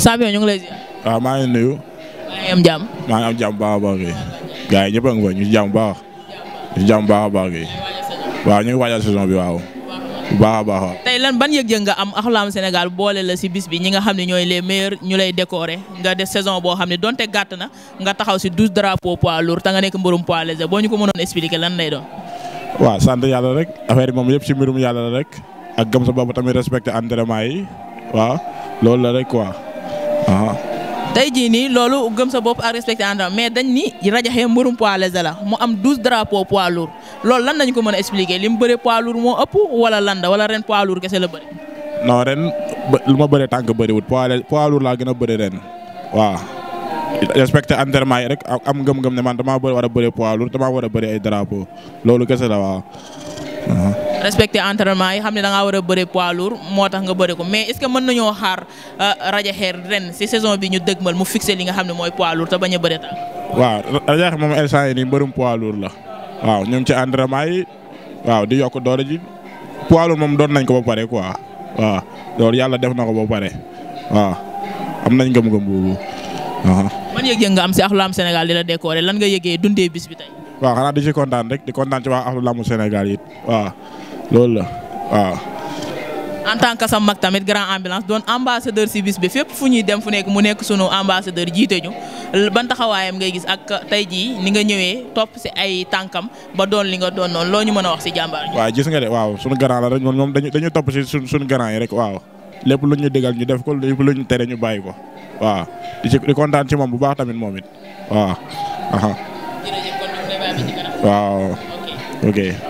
champion ñu ngi lay ziar. maa ngi nuyu. maa ngi am a baax kay. gars yi ñëpp ñu si jàmm waaw ñu ngi waajal saison bi waaw. bu baax a baax tey ban yëg-yëg nga am Ahlou Lamb Sénégal boole la si bis bi ñi nga xam ne ñooy les meilleurs ñu lay décorer nga def saison boo xam ne donte gàtt na nga taxaw si douze drapeaux poids lourds ta nga nekk mbërum poids léger boo ñu ko mënoon expliquer lan lay doon. waaw sant yàlla rek affaire bi moom yëpp si mbirum yàlla la rek a gëm sa bopp tamit respecté entraînement yi waaw loolu la rek tey jii nii loolu gëm sa bopp ak respecté àndam mais dañ ni rajaxe mbërum poids léger la mu am douze drapeaux poids lourd loolu lan nañ ko mën a expliquer li mu bëree poids lourd moo ëpp wala lan la wala ren poids lourd kese la bëri. non ren lu ma bëree tànk bëriwut poids poids lourd laa gën a bëri ren waaw. respecté entraînement yi rek am ngëm-ngëm ne man damaa war a bëri poids lourd war a bëree ay drapeaux loolu kese la waaw. respecté entraînement yi xam ne da ngaa war a bëre poids lourd moo tax nga bëre ko mais est ce que mën nañoo xaar euh, Radiakhèr ren si saison bi ñu dëgmal mu fixé li nga xam ne mooy poids lourd te bañ a bëre ta waaw Radiakhèr moom instant yi nii mbërum poids la waaw ñu ngi ci entraînement yi waaw di yokk doole ji poids moom doon nañ ko ba pare quoi waaw loolu yàlla def na ko ba pare waaw am nañ gëm-gëm boobu man yëg-yëg nga am si Ahlou Lamb Sénégal di la décorer lan nga yëgee dundee bis bi tey. waaw rek di kontaan ci waa Ahlou loolu la waaw. en tant que sa mag tamit grand ambulance doon ambassadeur si bis bi fépp fu ñuy dem fu nekk mu nekk sunu ambassadeur jiite ñu ban taxawaayam ngay gis ak tey jii ni nga ñëwee topp si ay tànkam ba doon li nga doon noonu loo ñu mën a wax si jàmbaar ñu. waaw gis nga de waaw sunu grand la rek ñoom dañu dañu topp si suñ sunu grand yi rek lépp lu ñu digal ñu def ko lépp lu ñu tere ñu bàyyi ko waaw di ci di kontaan ci moom bu baax tamit moom it waaw.